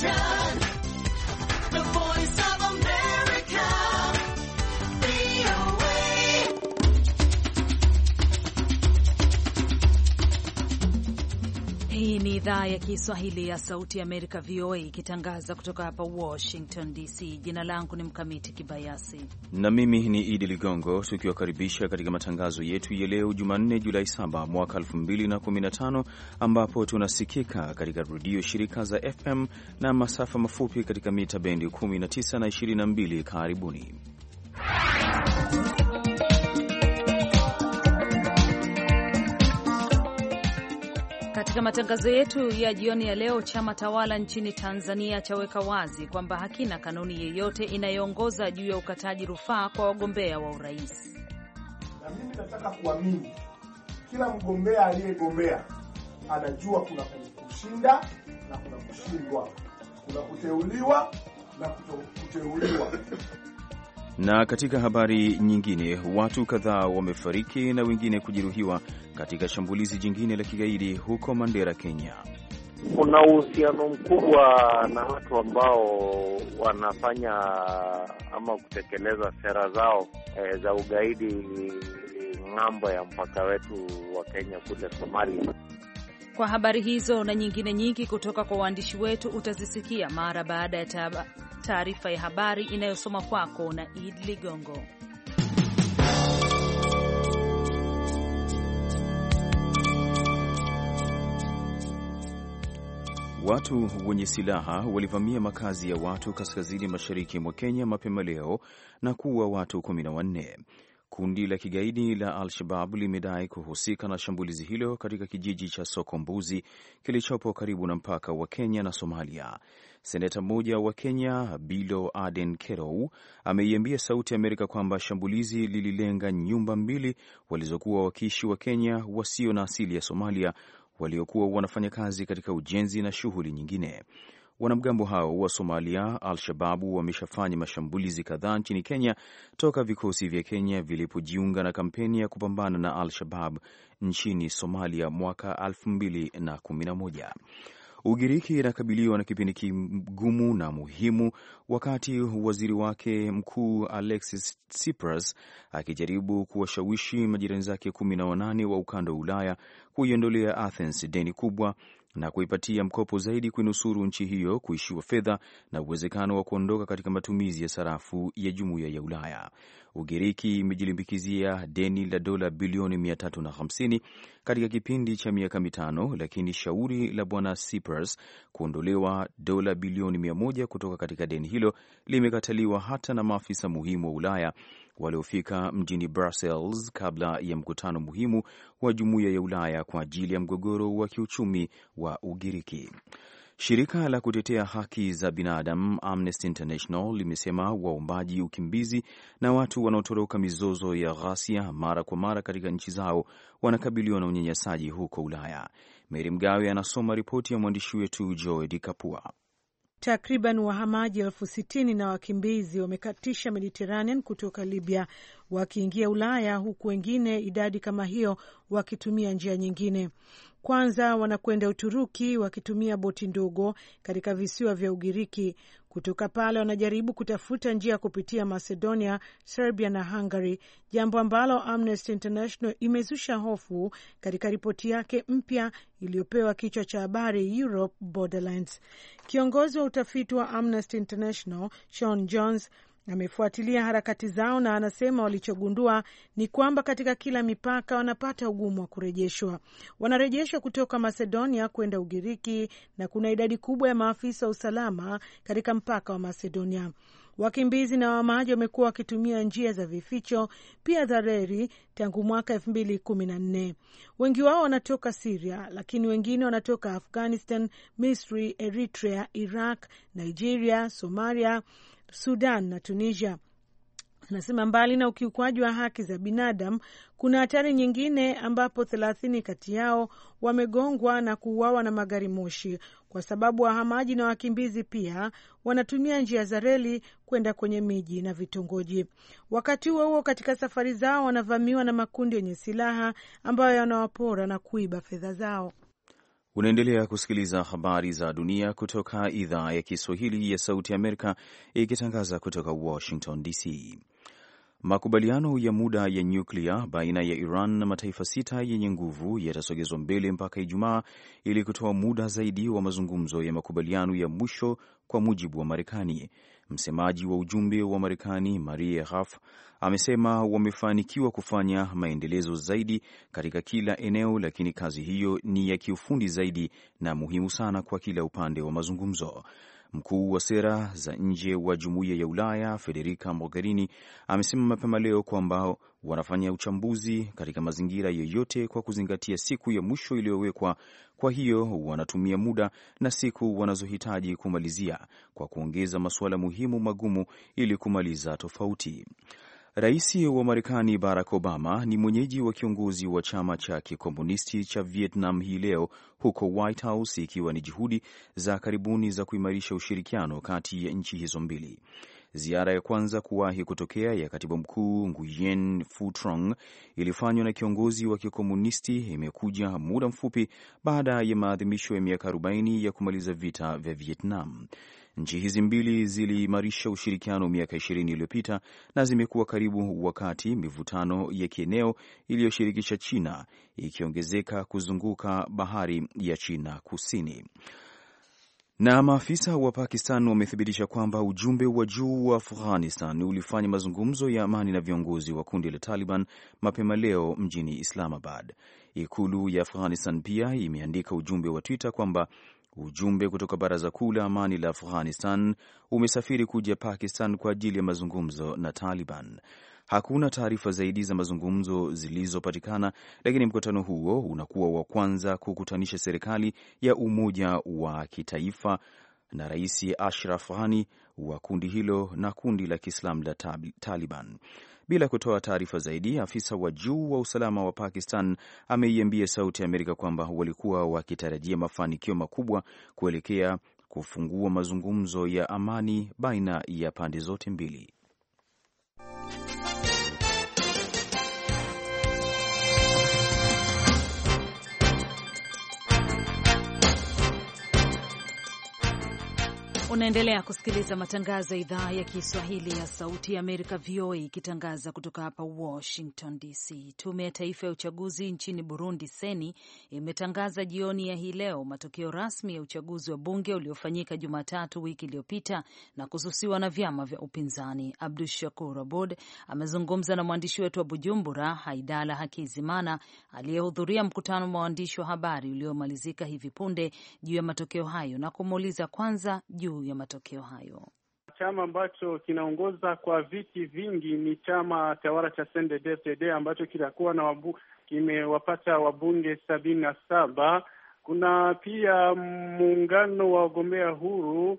time. ni idhaa ya Kiswahili ya Sauti ya Amerika, VOA, ikitangaza kutoka hapa Washington DC. Jina langu ni Mkamiti Kibayasi na mimi ni Idi Ligongo, tukiwakaribisha katika matangazo yetu ya leo Jumanne, Julai 7 mwaka 2015, ambapo tunasikika katika redio shirika za FM na masafa mafupi katika mita bendi 19 na 22. Karibuni Katika matangazo yetu ya jioni ya leo, chama tawala nchini Tanzania chaweka wazi kwamba hakina kanuni yeyote inayoongoza juu ya ukataji rufaa kwa wagombea wa urais. Na mimi nataka kuamini kila mgombea aliyegombea anajua kuna kushinda na kuna kushindwa, kuna kuteuliwa na kuteuliwa Na katika habari nyingine, watu kadhaa wamefariki na wengine kujeruhiwa katika shambulizi jingine la kigaidi huko Mandera, Kenya. Kuna uhusiano mkubwa na watu ambao wanafanya ama kutekeleza sera zao e, za ugaidi ng'ambo ya mpaka wetu wa Kenya kule Somalia. Kwa habari hizo na nyingine nyingi kutoka kwa waandishi wetu utazisikia mara baada ya taarifa ya habari inayosoma kwako na Id Ligongo. Watu wenye silaha walivamia makazi ya watu kaskazini mashariki mwa Kenya mapema leo na kuua watu kumi na wanne. Kundi la kigaidi la Al-Shabab limedai kuhusika na shambulizi hilo katika kijiji cha Soko Mbuzi kilichopo karibu na mpaka wa Kenya na Somalia. Seneta mmoja wa Kenya Bilo Aden Kerou ameiambia Sauti Amerika kwamba shambulizi lililenga nyumba mbili walizokuwa wakiishi wa Kenya wasio na asili ya Somalia waliokuwa wanafanya kazi katika ujenzi na shughuli nyingine. Wanamgambo hao wa Somalia Al-Shababu wameshafanya mashambulizi kadhaa nchini Kenya toka vikosi vya Kenya vilipojiunga na kampeni ya kupambana na Al-Shabab nchini Somalia mwaka 2011. Ugiriki inakabiliwa na kipindi kigumu na muhimu, wakati waziri wake mkuu Alexis Tsipras akijaribu kuwashawishi majirani zake kumi na wanane wa ukanda wa Ulaya kuiondolea Athens deni kubwa na kuipatia mkopo zaidi kuinusuru nchi hiyo kuishiwa fedha na uwezekano wa kuondoka katika matumizi ya sarafu ya jumuiya ya Ulaya. Ugiriki imejilimbikizia deni la dola bilioni 350 katika kipindi cha miaka mitano, lakini shauri la bwana Tsipras kuondolewa dola bilioni 100 kutoka katika deni hilo limekataliwa hata na maafisa muhimu wa Ulaya waliofika mjini Brussels kabla ya mkutano muhimu wa Jumuiya ya Ulaya kwa ajili ya mgogoro wa kiuchumi wa Ugiriki. Shirika la kutetea haki za binadamu Amnesty International limesema waombaji ukimbizi na watu wanaotoroka mizozo ya ghasia mara kwa mara katika nchi zao wanakabiliwa na unyanyasaji huko Ulaya. Meri Mgawe anasoma ripoti ya mwandishi wetu Joedi Kapua. Takriban wahamaji elfu sitini na wakimbizi wamekatisha Mediteranean kutoka Libya wakiingia Ulaya, huku wengine idadi kama hiyo wakitumia njia nyingine. Kwanza wanakwenda Uturuki wakitumia boti ndogo katika visiwa vya Ugiriki. Kutoka pale wanajaribu kutafuta njia ya kupitia Macedonia, Serbia na Hungary, jambo ambalo Amnesty International imezusha hofu katika ripoti yake mpya iliyopewa kichwa cha habari Europe Borderlands. Kiongozi wa utafiti wa Amnesty International Sean Jones amefuatilia harakati zao na anasema walichogundua ni kwamba katika kila mipaka wanapata ugumu wa kurejeshwa. Wanarejeshwa kutoka Macedonia kwenda Ugiriki, na kuna idadi kubwa ya maafisa wa usalama katika mpaka wa Macedonia. Wakimbizi na wahamaji wamekuwa wakitumia njia za vificho pia za reli tangu mwaka elfu mbili kumi na nne. Wengi wao wanatoka Siria, lakini wengine wanatoka Afghanistan, Misri, Eritrea, Iraq, Nigeria, Somalia, Sudan na Tunisia. Anasema mbali na ukiukwaji wa haki za binadamu, kuna hatari nyingine ambapo thelathini kati yao wamegongwa na kuuawa na magari moshi, kwa sababu wahamaji na wakimbizi pia wanatumia njia za reli kwenda kwenye miji na vitongoji. Wakati huo huo, katika safari zao wanavamiwa na makundi yenye silaha ambayo yanawapora na kuiba fedha zao. Unaendelea kusikiliza habari za dunia kutoka idhaa ya Kiswahili ya Sauti Amerika ikitangaza kutoka Washington DC. Makubaliano ya muda ya nyuklia baina ya Iran na mataifa sita yenye nguvu yatasogezwa mbele mpaka Ijumaa ili kutoa muda zaidi wa mazungumzo ya makubaliano ya mwisho, kwa mujibu wa Marekani. Msemaji wa ujumbe wa Marekani Maria Harf amesema wamefanikiwa kufanya maendelezo zaidi katika kila eneo, lakini kazi hiyo ni ya kiufundi zaidi na muhimu sana kwa kila upande wa mazungumzo. Mkuu wa sera za nje wa Jumuiya ya Ulaya Federica Mogherini amesema mapema leo kwamba wanafanya uchambuzi katika mazingira yoyote kwa kuzingatia siku ya mwisho iliyowekwa. Kwa hiyo wanatumia muda na siku wanazohitaji kumalizia kwa kuongeza masuala muhimu magumu ili kumaliza tofauti. Rais wa Marekani Barack Obama ni mwenyeji wa kiongozi wa chama cha kikomunisti cha Vietnam hii leo huko White House, ikiwa ni juhudi za karibuni za kuimarisha ushirikiano kati ya nchi hizo mbili. Ziara ya kwanza kuwahi kutokea ya katibu mkuu Nguyen Phu Trong ilifanywa na kiongozi wa kikomunisti imekuja muda mfupi baada ya maadhimisho ya miaka 40 ya kumaliza vita vya Vietnam. Nchi hizi mbili ziliimarisha ushirikiano miaka ishirini iliyopita na zimekuwa karibu, wakati mivutano ya kieneo iliyoshirikisha China ikiongezeka kuzunguka bahari ya China Kusini. Na maafisa wa Pakistan wamethibitisha kwamba ujumbe wa juu wa Afghanistan ulifanya mazungumzo ya amani na viongozi wa kundi la Taliban mapema leo mjini Islamabad. Ikulu ya Afghanistan pia imeandika ujumbe wa Twitter kwamba Ujumbe kutoka Baraza Kuu la Amani la Afghanistan umesafiri kuja Pakistan kwa ajili ya mazungumzo na Taliban. Hakuna taarifa zaidi za mazungumzo zilizopatikana, lakini mkutano huo unakuwa wa kwanza kukutanisha serikali ya umoja wa kitaifa na Rais Ashraf Ghani wa kundi hilo na kundi la Kiislamu la Taliban. Bila kutoa taarifa zaidi, afisa wa juu wa usalama wa Pakistan ameiambia Sauti ya Amerika kwamba walikuwa wakitarajia mafanikio makubwa kuelekea kufungua mazungumzo ya amani baina ya pande zote mbili. Unaendelea kusikiliza matangazo ya idhaa ya Kiswahili ya Sauti ya Amerika, VOA, ikitangaza kutoka hapa Washington DC. Tume ya Taifa ya Uchaguzi nchini Burundi, Seni, imetangaza jioni ya hii leo matokeo rasmi ya uchaguzi wa bunge uliofanyika Jumatatu wiki iliyopita na kususiwa na vyama vya upinzani. Abdu Shakur Abod amezungumza na mwandishi wetu wa Bujumbura, Haidala Hakizimana, aliyehudhuria mkutano wa waandishi wa habari uliomalizika hivi punde juu ya matokeo hayo na kumuuliza kwanza juu juu ya matokeo hayo. Chama ambacho kinaongoza kwa viti vingi ni chama tawala cha CNDD-FDD ambacho kitakuwa na wabu, kimewapata wabunge sabini na saba. Kuna pia muungano wa wagombea huru,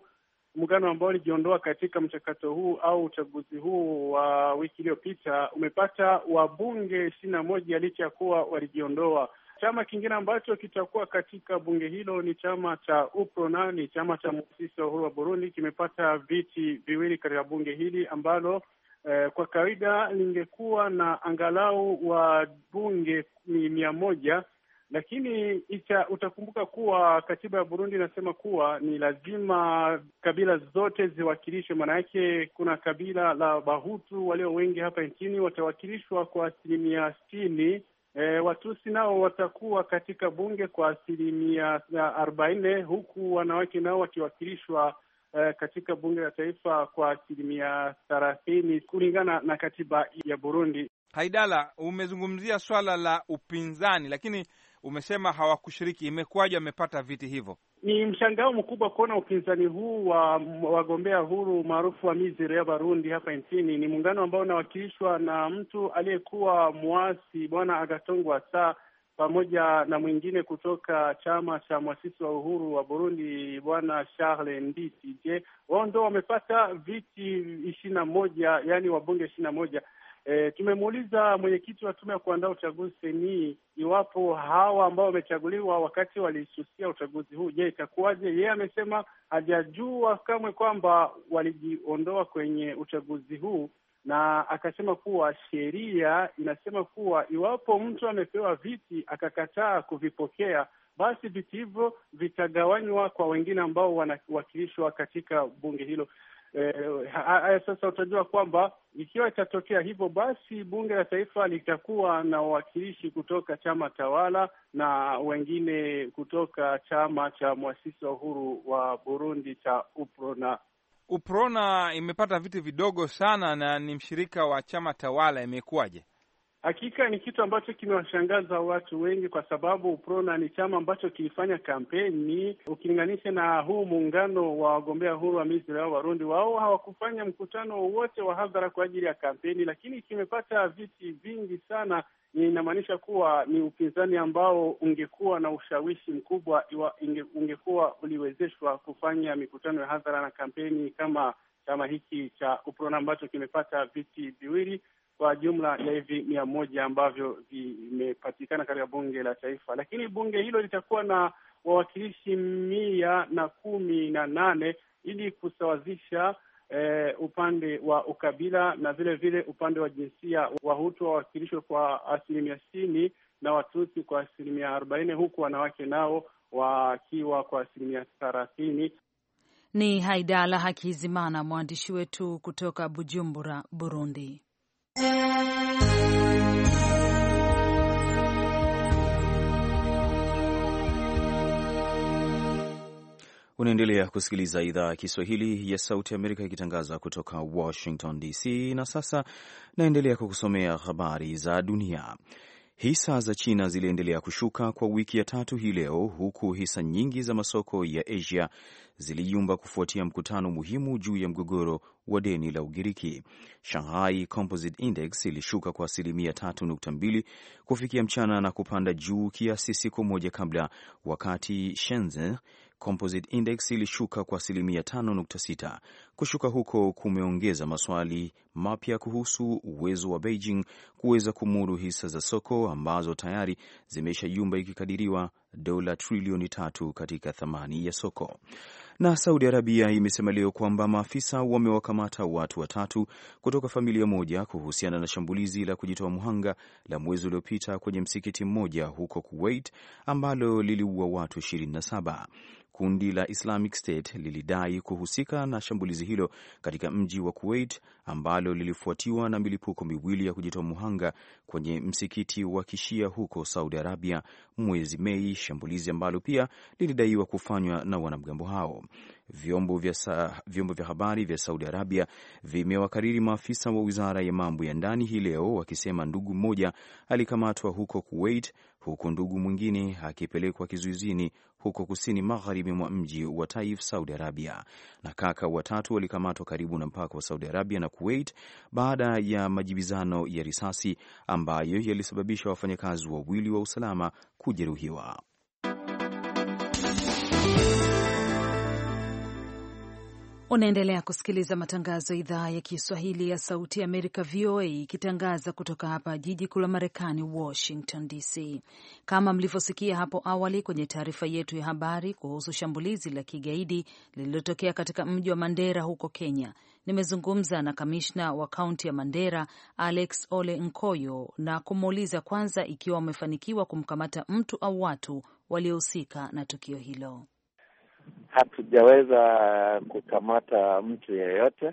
muungano ambao ulijiondoa katika mchakato huu au uchaguzi huu wa wiki iliyopita, umepata wabunge ishirini na moja licha ya kuwa walijiondoa. Chama kingine ambacho kitakuwa katika bunge hilo ni chama cha UPRONA, ni chama cha muasisi wa uhuru wa Burundi. Kimepata viti viwili katika bunge hili ambalo eh, kwa kawaida lingekuwa na angalau wa bunge ni mia moja lakini ita, utakumbuka kuwa katiba ya Burundi inasema kuwa ni lazima kabila zote ziwakilishwe. Maana yake kuna kabila la Bahutu walio wengi hapa nchini watawakilishwa kwa asilimia sitini E, Watusi nao watakuwa katika bunge kwa asilimia arobaini huku wanawake nao wakiwakilishwa e, katika bunge la taifa kwa asilimia thelathini kulingana na katiba ya Burundi. Haidala, umezungumzia swala la upinzani, lakini umesema hawakushiriki. Imekuwaje wamepata viti hivyo? Ni mshangao mkubwa kuona upinzani huu wa wagombea huru maarufu wa Mizire ya Barundi hapa nchini. Ni muungano ambao unawakilishwa na mtu aliyekuwa mwasi Bwana Agatongwa Saa pamoja na mwingine kutoka chama cha mwasisi wa uhuru wa Burundi bwana Charles Nditi. Je, wao ndo wamepata viti ishirini na moja yaani wabunge ishirini na moja E, tumemuuliza mwenyekiti wa tume ya kuandaa uchaguzi seni iwapo hawa ambao wamechaguliwa wakati walisusia uchaguzi huu, je, itakuwaje? Yeye amesema hajajua kamwe kwamba walijiondoa kwenye uchaguzi huu, na akasema kuwa sheria inasema kuwa iwapo mtu amepewa viti akakataa kuvipokea basi viti hivyo vitagawanywa kwa wengine ambao wanawakilishwa katika bunge hilo. Eh, Haya, sasa utajua kwamba ikiwa itatokea hivyo, basi bunge la taifa litakuwa na wawakilishi kutoka chama tawala na wengine kutoka chama cha mwasisi wa uhuru wa Burundi cha UPRONA. UPRONA imepata viti vidogo sana na ni mshirika wa chama tawala, imekuwaje? Hakika ni kitu ambacho kimewashangaza watu wengi, kwa sababu UPRONA ni chama ambacho kilifanya kampeni, ukilinganisha na huu muungano wa wagombea huru wa Misri au Warundi. Wao hawakufanya mkutano wowote wa hadhara kwa ajili ya kampeni, lakini kimepata viti vingi sana. Inamaanisha kuwa ni upinzani ambao ungekuwa na ushawishi mkubwa iwa inge, ungekuwa uliwezeshwa kufanya mikutano ya hadhara na kampeni kama chama hiki cha UPRONA ambacho kimepata viti viwili kwa jumla ya hivi mia moja ambavyo vimepatikana katika bunge la taifa, lakini bunge hilo litakuwa na wawakilishi mia na kumi na nane ili kusawazisha eh, upande wa ukabila na vile vile upande wa jinsia. Wahutu wawakilishwe kwa asilimia sitini na Watusi kwa asilimia arobaini huku wanawake nao wakiwa kwa asilimia thelathini. Ni Haidala Hakizimana, mwandishi wetu kutoka Bujumbura, Burundi. Unaendelea kusikiliza idhaa ya Kiswahili ya Sauti Amerika ikitangaza kutoka Washington DC, na sasa naendelea kukusomea habari za dunia. Hisa za China ziliendelea kushuka kwa wiki ya tatu hii leo, huku hisa nyingi za masoko ya Asia ziliyumba kufuatia mkutano muhimu juu ya mgogoro wa deni la Ugiriki. Shanghai Composite Index ilishuka kwa asilimia 3.2 kufikia mchana na kupanda juu kiasi siku moja kabla, wakati Shenzhen Composite Index ilishuka kwa asilimia 5.6. Kushuka huko kumeongeza maswali mapya kuhusu uwezo wa Beijing kuweza kumudu hisa za soko ambazo tayari zimeshayumba ikikadiriwa dola trilioni tatu katika thamani ya soko. Na Saudi Arabia imesema leo kwamba maafisa wamewakamata watu watatu kutoka familia moja kuhusiana na shambulizi la kujitoa muhanga la mwezi uliopita kwenye msikiti mmoja huko Kuwait ambalo liliua watu 27. Kundi la Islamic State lilidai kuhusika na shambulizi hilo katika mji wa Kuwait ambalo lilifuatiwa na milipuko miwili ya kujitoa muhanga kwenye msikiti wa Kishia huko Saudi Arabia mwezi Mei, shambulizi ambalo pia lilidaiwa kufanywa na wanamgambo hao. Vyombo vya, sa, vyombo vya habari vya Saudi Arabia vimewakariri maafisa wa wizara ya mambo ya ndani hii leo wakisema ndugu mmoja alikamatwa huko Kuwait huku ndugu mwingine akipelekwa kizuizini huko kusini magharibi mwa mji wa Taif, Saudi Arabia. Na kaka watatu walikamatwa karibu na mpaka wa Saudi Arabia na Kuwait baada ya majibizano ya risasi ambayo yalisababisha wafanyakazi wawili wa usalama kujeruhiwa. Unaendelea kusikiliza matangazo ya idhaa ya Kiswahili ya Sauti ya Amerika, VOA, ikitangaza kutoka hapa jiji kuu la Marekani, Washington DC. Kama mlivyosikia hapo awali kwenye taarifa yetu ya habari kuhusu shambulizi la kigaidi lililotokea katika mji wa Mandera huko Kenya, nimezungumza na kamishna wa kaunti ya Mandera, Alex Ole Nkoyo, na kumuuliza kwanza ikiwa wamefanikiwa kumkamata mtu au watu waliohusika na tukio hilo. Hatujaweza kukamata mtu yeyote,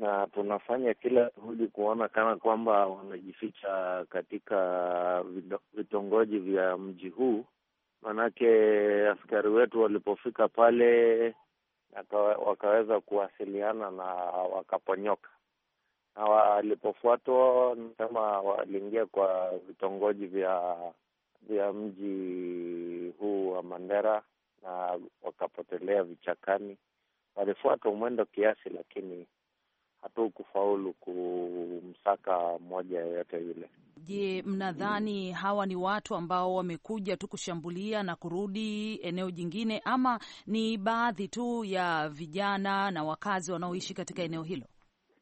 na tunafanya kila juhudi kuona kana kwamba wamejificha katika vitongoji vya mji huu. Manake askari wetu walipofika pale wakaweza kuwasiliana na wakaponyoka, na walipofuatwa ni kama waliingia kwa vitongoji vya vya mji huu wa Mandera na wakapotelea vichakani. walifuata mwendo kiasi, lakini hatukufaulu kumsaka mmoja yoyote yule. Je, mnadhani hawa ni watu ambao wamekuja tu kushambulia na kurudi eneo jingine, ama ni baadhi tu ya vijana na wakazi wanaoishi katika eneo hilo?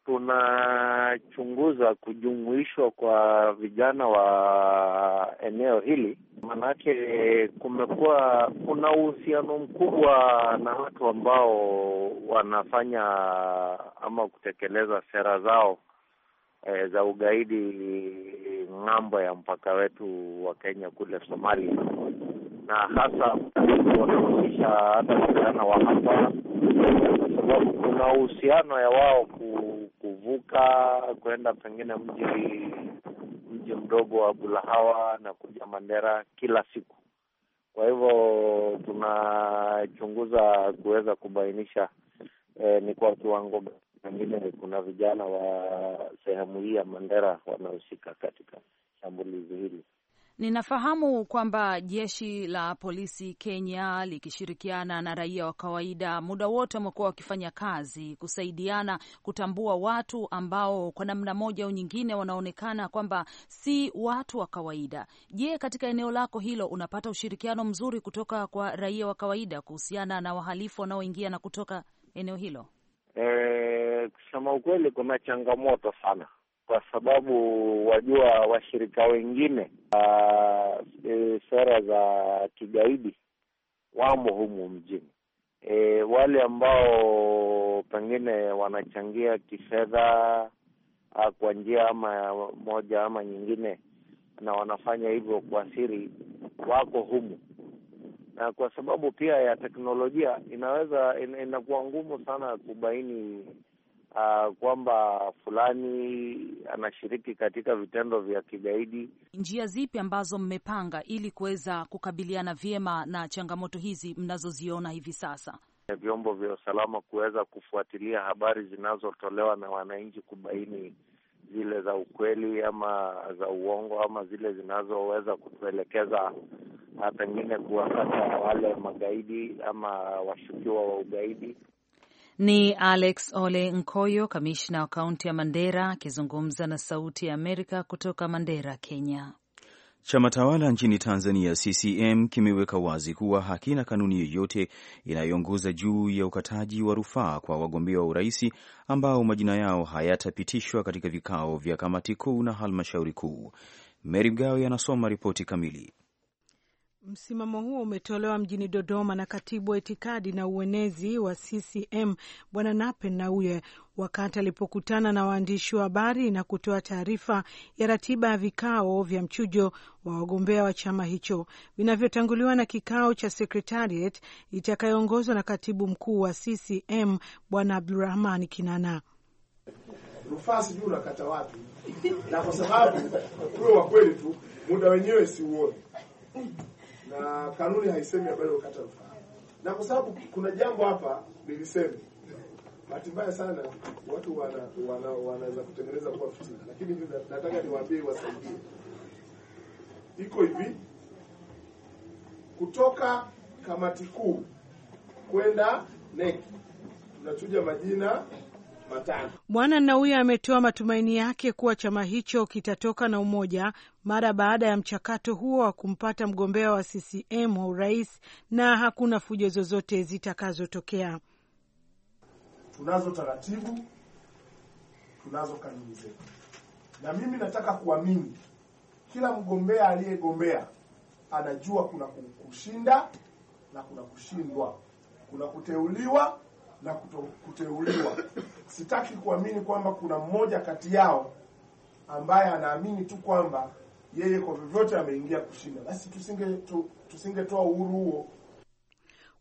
tunachunguza kujumuishwa kwa vijana wa eneo hili, maanake kumekuwa kuna uhusiano mkubwa na watu ambao wanafanya ama kutekeleza sera zao e, za ugaidi ng'ambo ya mpaka wetu wa Kenya kule Somalia, na hasa wanahusisha hata vijana wa hapa, kwa sababu kuna uhusiano ya wao ku kuvuka kwenda pengine mji mji mdogo wa Bulahawa na kuja Mandera kila siku. Kwa hivyo tunachunguza kuweza kubainisha eh, ni kwa kiwango pengine kuna vijana wa sehemu hii ya Mandera wanahusika katika shambulizi hili. Ninafahamu kwamba jeshi la polisi Kenya likishirikiana na raia wa kawaida muda wote wamekuwa wakifanya kazi kusaidiana kutambua watu ambao kwa namna moja au nyingine wanaonekana kwamba si watu wa kawaida. Je, katika eneo lako hilo unapata ushirikiano mzuri kutoka kwa raia wa kawaida kuhusiana na wahalifu wanaoingia na kutoka eneo hilo? E, kusema ukweli kuna changamoto sana kwa sababu wajua washirika wengine uh, e, sera za kigaidi wamo humu mjini. E, wale ambao pengine wanachangia kifedha ah, kwa njia ama moja ama nyingine, na wanafanya hivyo kwa siri, wako humu, na kwa sababu pia ya teknolojia inaweza in, inakuwa ngumu sana kubaini uh, kwamba fulani anashiriki katika vitendo vya kigaidi. Njia zipi ambazo mmepanga ili kuweza kukabiliana vyema na changamoto hizi mnazoziona hivi sasa? Vyombo vya usalama kuweza kufuatilia habari zinazotolewa na wananchi, kubaini zile za ukweli ama za uongo ama zile zinazoweza kutuelekeza pengine kuwapata wale magaidi ama washukiwa wa ugaidi. Ni Alex Ole Nkoyo, kamishna wa kaunti ya Mandera, akizungumza na Sauti ya Amerika kutoka Mandera, Kenya. Chama tawala nchini Tanzania, CCM, kimeweka wazi kuwa hakina kanuni yoyote inayoongoza juu ya ukataji wa rufaa kwa wagombea wa uraisi ambao majina yao hayatapitishwa katika vikao vya kamati kuu na halmashauri kuu. mery Mgawe anasoma ripoti kamili. Msimamo huo umetolewa mjini Dodoma na katibu wa itikadi na uenezi wa CCM Bwana Nape Nnauye wakati alipokutana na waandishi wa habari na kutoa taarifa ya ratiba ya vikao vya mchujo wa wagombea wa chama hicho vinavyotanguliwa na kikao cha sekretariat itakayoongozwa na katibu mkuu wa CCM Bwana Abdurahman Kinana. Rufaa sijui unakata wapi, na kwa sababu tuwe wa kweli tu, muda wenyewe siuoni na kanuni haisemi habari ya kukata rufaa, na kwa sababu kuna jambo hapa nilisemi bahati mbaya sana watu wanaweza wana, wana kutengeneza kuwa fitina, lakini nataka niwaambie wasaidie. Iko hivi, kutoka kamati kuu kwenda NEC tunachuja majina Bwana Nnauye ametoa matumaini yake kuwa chama hicho kitatoka na umoja mara baada ya mchakato huo wa kumpata mgombea wa CCM wa urais na hakuna fujo zozote zitakazotokea. Tunazo taratibu, tunazo kanuni zetu, na mimi nataka kuamini kila mgombea aliyegombea anajua kuna kushinda na kuna kushindwa, kuna kuteuliwa na kuto, kuteuliwa. Sitaki kuamini kwamba kuna mmoja kati yao ambaye anaamini tu kwamba yeye kwa vyovyote ameingia kushinda, basi tusinge tu, tusingetoa uhuru huo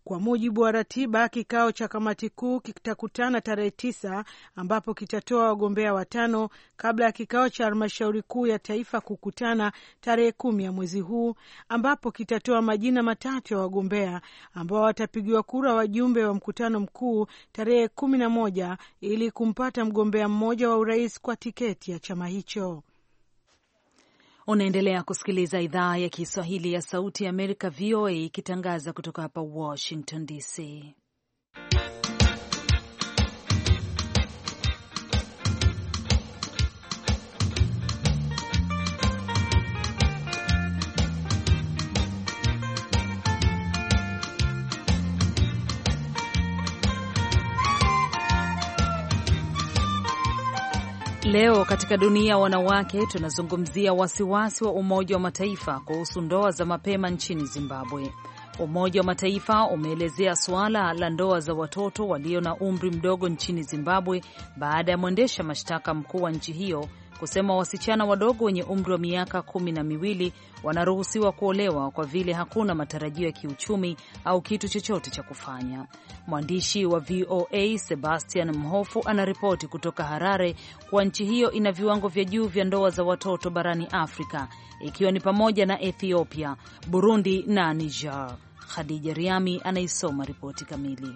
kwa mujibu wa ratiba, kikao cha kamati kuu kitakutana tarehe tisa ambapo kitatoa wagombea watano kabla ya kikao cha halmashauri kuu ya taifa kukutana tarehe kumi ya mwezi huu ambapo kitatoa majina matatu ya wagombea ambao watapigiwa kura wajumbe wa mkutano mkuu tarehe kumi na moja ili kumpata mgombea mmoja wa urais kwa tiketi ya chama hicho. Unaendelea kusikiliza idhaa ya Kiswahili ya Sauti ya Amerika, VOA, ikitangaza kutoka hapa Washington DC. Leo katika dunia ya wanawake tunazungumzia wasiwasi wa Umoja wa Mataifa kuhusu ndoa za mapema nchini Zimbabwe. Umoja wa Mataifa umeelezea suala la ndoa za watoto walio na umri mdogo nchini Zimbabwe baada ya mwendesha mashtaka mkuu wa nchi hiyo kusema wasichana wadogo wenye umri wa miaka kumi na miwili wanaruhusiwa kuolewa kwa vile hakuna matarajio ya kiuchumi au kitu chochote cha kufanya. Mwandishi wa VOA Sebastian Mhofu anaripoti kutoka Harare kuwa nchi hiyo ina viwango vya juu vya ndoa za watoto barani Afrika, ikiwa ni pamoja na Ethiopia, Burundi na Niger. Khadija Riami anaisoma ripoti kamili.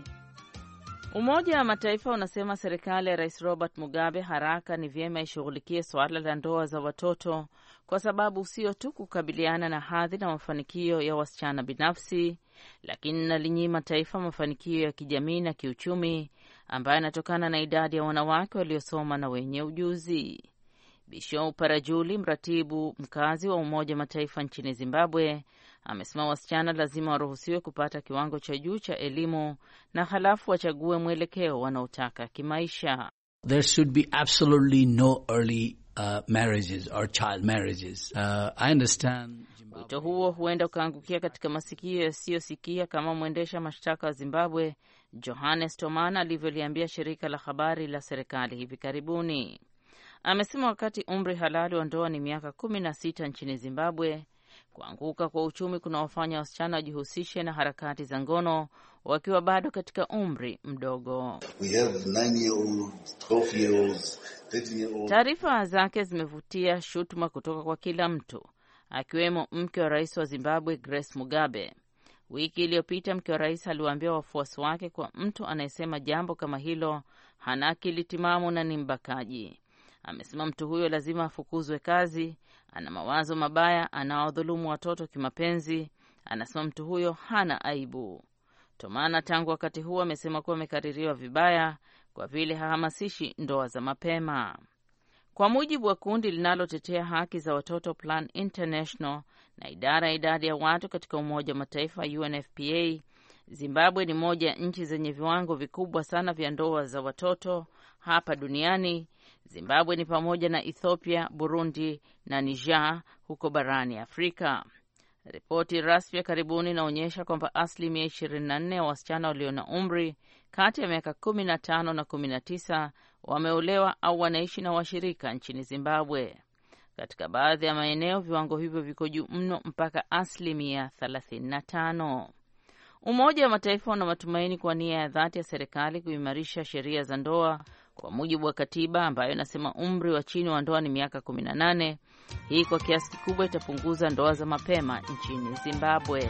Umoja wa Mataifa unasema serikali ya Rais Robert Mugabe haraka ni vyema ishughulikie suala la ndoa za watoto kwa sababu sio tu kukabiliana na hadhi na mafanikio ya wasichana binafsi, lakini nalinyima taifa mafanikio ya kijamii na kiuchumi ambayo yanatokana na idadi ya wanawake waliosoma na wenye ujuzi. Bishop Parajuli, mratibu mkazi wa Umoja wa Mataifa nchini Zimbabwe, Amesema wasichana lazima waruhusiwe kupata kiwango cha juu cha elimu na halafu wachague mwelekeo wanaotaka kimaisha. There should be absolutely no early uh, marriages or child marriages. Uh, I understand. Wito huo huenda ukaangukia katika masikio yasiyosikia kama mwendesha mashtaka wa Zimbabwe Johannes Tomana alivyoliambia shirika la habari la serikali hivi karibuni. Amesema wakati umri halali wa ndoa ni miaka kumi na sita nchini Zimbabwe, Kuanguka kwa uchumi kunawafanya wasichana wajihusishe na harakati za ngono wakiwa bado katika umri mdogo. Taarifa zake zimevutia shutuma kutoka kwa kila mtu, akiwemo mke wa rais wa Zimbabwe Grace Mugabe. Wiki iliyopita mke wa rais aliwaambia wafuasi wake kwa mtu anayesema jambo kama hilo hana akili timamu na ni mbakaji amesema mtu huyo lazima afukuzwe kazi. Ana mawazo mabaya, anawadhulumu watoto kimapenzi. Anasema mtu huyo hana aibu. Tomana tangu wakati huo amesema kuwa amekaririwa vibaya kwa vile hahamasishi ndoa za mapema. Kwa mujibu wa kundi linalotetea haki za watoto Plan International na idara ya idadi ya watu katika Umoja wa Mataifa UNFPA, Zimbabwe ni moja ya nchi zenye viwango vikubwa sana vya ndoa za watoto hapa duniani Zimbabwe ni pamoja na Ethiopia, Burundi na Niger huko barani Afrika. Ripoti rasmi ya karibuni inaonyesha kwamba asilimia 24 ya wasichana walio na umri kati ya miaka 15 na 19 wameolewa au wanaishi na washirika nchini Zimbabwe. Katika baadhi ya maeneo viwango hivyo viko juu mno mpaka asilimia 35. Umoja wa Mataifa una matumaini kwa nia ya dhati ya serikali kuimarisha sheria za ndoa kwa mujibu wa katiba ambayo inasema umri wa chini wa ndoa ni miaka 18. Hii kwa kiasi kikubwa itapunguza ndoa za mapema nchini Zimbabwe.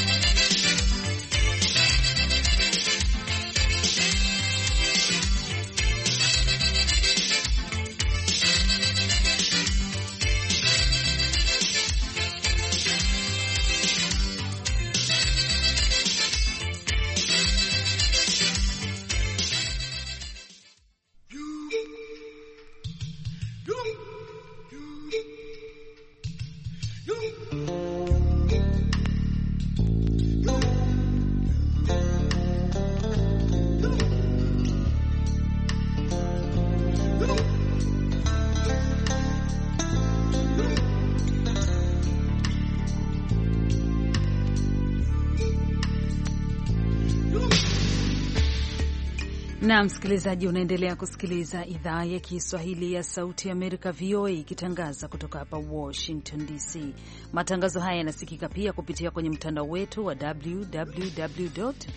msikilizaji, unaendelea kusikiliza idhaa ya Kiswahili ya Sauti ya Amerika, VOA, ikitangaza kutoka hapa Washington DC. Matangazo haya yanasikika pia kupitia kwenye mtandao wetu wa www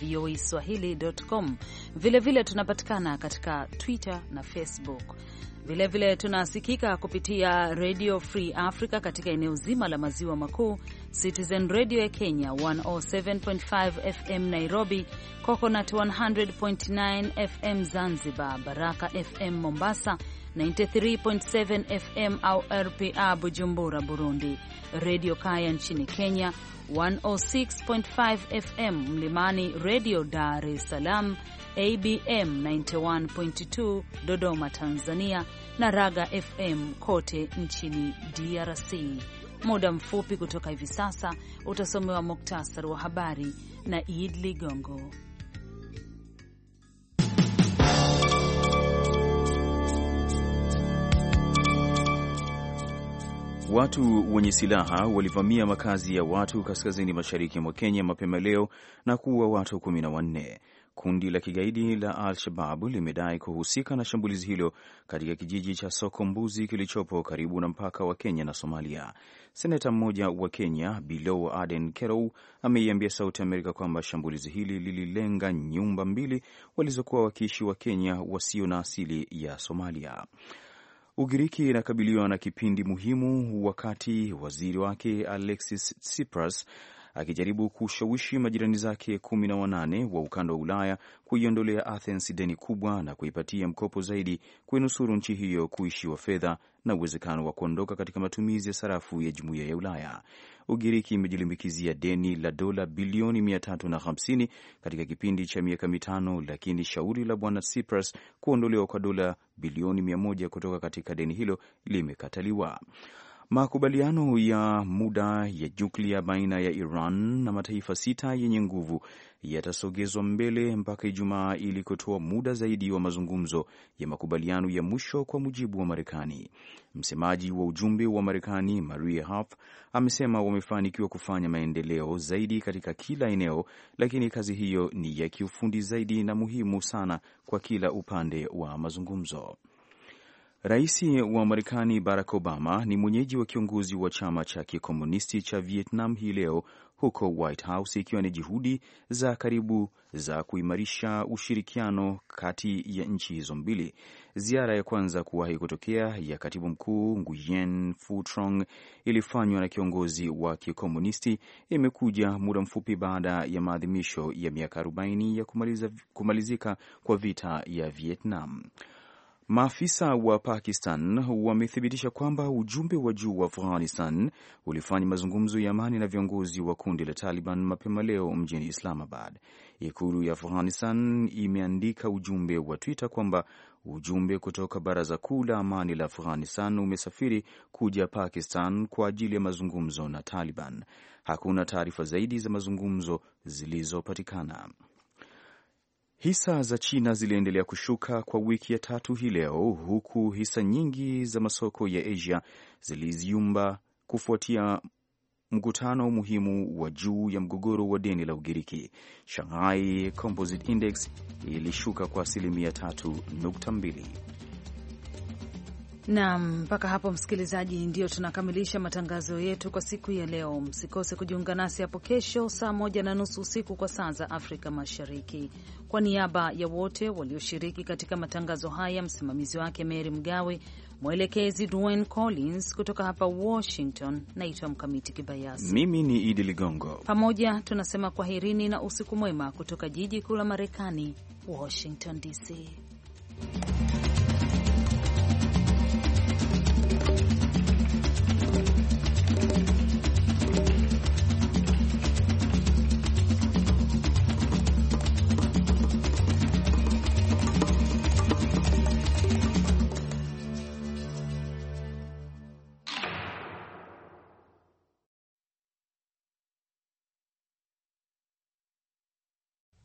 voa swahili com. Vilevile tunapatikana katika Twitter na Facebook. Vilevile tunasikika kupitia Radio Free Africa katika eneo zima la maziwa makuu, Citizen Radio ya Kenya 107.5 FM Nairobi, Coconut 100.9 FM Zanzibar, Baraka FM Mombasa 93.7 FM au RPA Bujumbura, Burundi, Redio Kaya nchini Kenya 106.5 FM, Mlimani Redio Dar es Salaam, ABM 91.2 Dodoma, Tanzania na Raga FM kote nchini DRC. Muda mfupi kutoka hivi sasa utasomewa muktasari wa habari na Idli Ligongo. Watu wenye silaha walivamia makazi ya watu kaskazini mashariki mwa Kenya mapema leo na kuua watu kumi na wanne. Kundi la kigaidi la al shabab limedai kuhusika na shambulizi hilo katika kijiji cha Soko Mbuzi kilichopo karibu na mpaka wa Kenya na Somalia. Seneta mmoja wa Kenya Bilow Aden Kerow ameiambia Sauti Amerika kwamba shambulizi hili lililenga nyumba mbili walizokuwa wakiishi wa Kenya wasio na asili ya Somalia. Ugiriki inakabiliwa na kipindi muhimu wakati waziri wake Alexis Tsipras akijaribu kushawishi majirani zake kumi na wanane wa ukanda wa Ulaya kuiondolea Athens deni kubwa na kuipatia mkopo zaidi kuinusuru nchi hiyo kuishiwa fedha na uwezekano wa kuondoka katika matumizi ya sarafu ya jumuiya ya Ulaya. Ugiriki imejilimbikizia deni la dola bilioni 350 katika kipindi cha miaka mitano, lakini shauri la bwana Tsipras kuondolewa kwa dola bilioni 100 kutoka katika deni hilo limekataliwa. Makubaliano ya muda ya nyuklia baina ya Iran na mataifa sita yenye nguvu yatasogezwa mbele mpaka Ijumaa ili kutoa muda zaidi wa mazungumzo ya makubaliano ya mwisho, kwa mujibu wa Marekani. Msemaji wa ujumbe wa Marekani Maria Harf amesema wamefanikiwa kufanya maendeleo zaidi katika kila eneo, lakini kazi hiyo ni ya kiufundi zaidi na muhimu sana kwa kila upande wa mazungumzo. Rais wa Marekani Barack Obama ni mwenyeji wa kiongozi wa chama cha kikomunisti cha Vietnam hii leo huko White House, ikiwa ni juhudi za karibu za kuimarisha ushirikiano kati ya nchi hizo mbili. Ziara ya kwanza kuwahi kutokea ya katibu mkuu Nguyen Phu Trong ilifanywa na kiongozi wa kikomunisti, imekuja muda mfupi baada ya maadhimisho ya miaka 40 ya kumaliza, kumalizika kwa vita ya Vietnam. Maafisa wa Pakistan wamethibitisha kwamba ujumbe wa juu wa Afghanistan ulifanya mazungumzo ya amani na viongozi wa kundi la Taliban mapema leo mjini Islamabad. Ikulu ya Afghanistan imeandika ujumbe wa Twitter kwamba ujumbe kutoka Baraza Kuu la Amani la Afghanistan umesafiri kuja Pakistan kwa ajili ya mazungumzo na Taliban. Hakuna taarifa zaidi za mazungumzo zilizopatikana. Hisa za China ziliendelea kushuka kwa wiki ya tatu hii leo, huku hisa nyingi za masoko ya Asia ziliziumba kufuatia mkutano muhimu wa juu ya mgogoro wa deni la Ugiriki. Shanghai Composite Index ilishuka kwa asilimia 3.2. Naam, mpaka hapo msikilizaji, ndio tunakamilisha matangazo yetu kwa siku ya leo. Msikose kujiunga nasi hapo kesho saa moja na nusu usiku kwa saa za Afrika Mashariki. Kwa niaba ya wote walioshiriki katika matangazo haya, msimamizi wake Mary Mgawe, mwelekezi Dwayne Collins, kutoka hapa Washington naitwa Mkamiti Kibayasi, mimi ni Idi Ligongo. Pamoja tunasema kwaherini na usiku mwema kutoka jiji kuu la Marekani, Washington DC.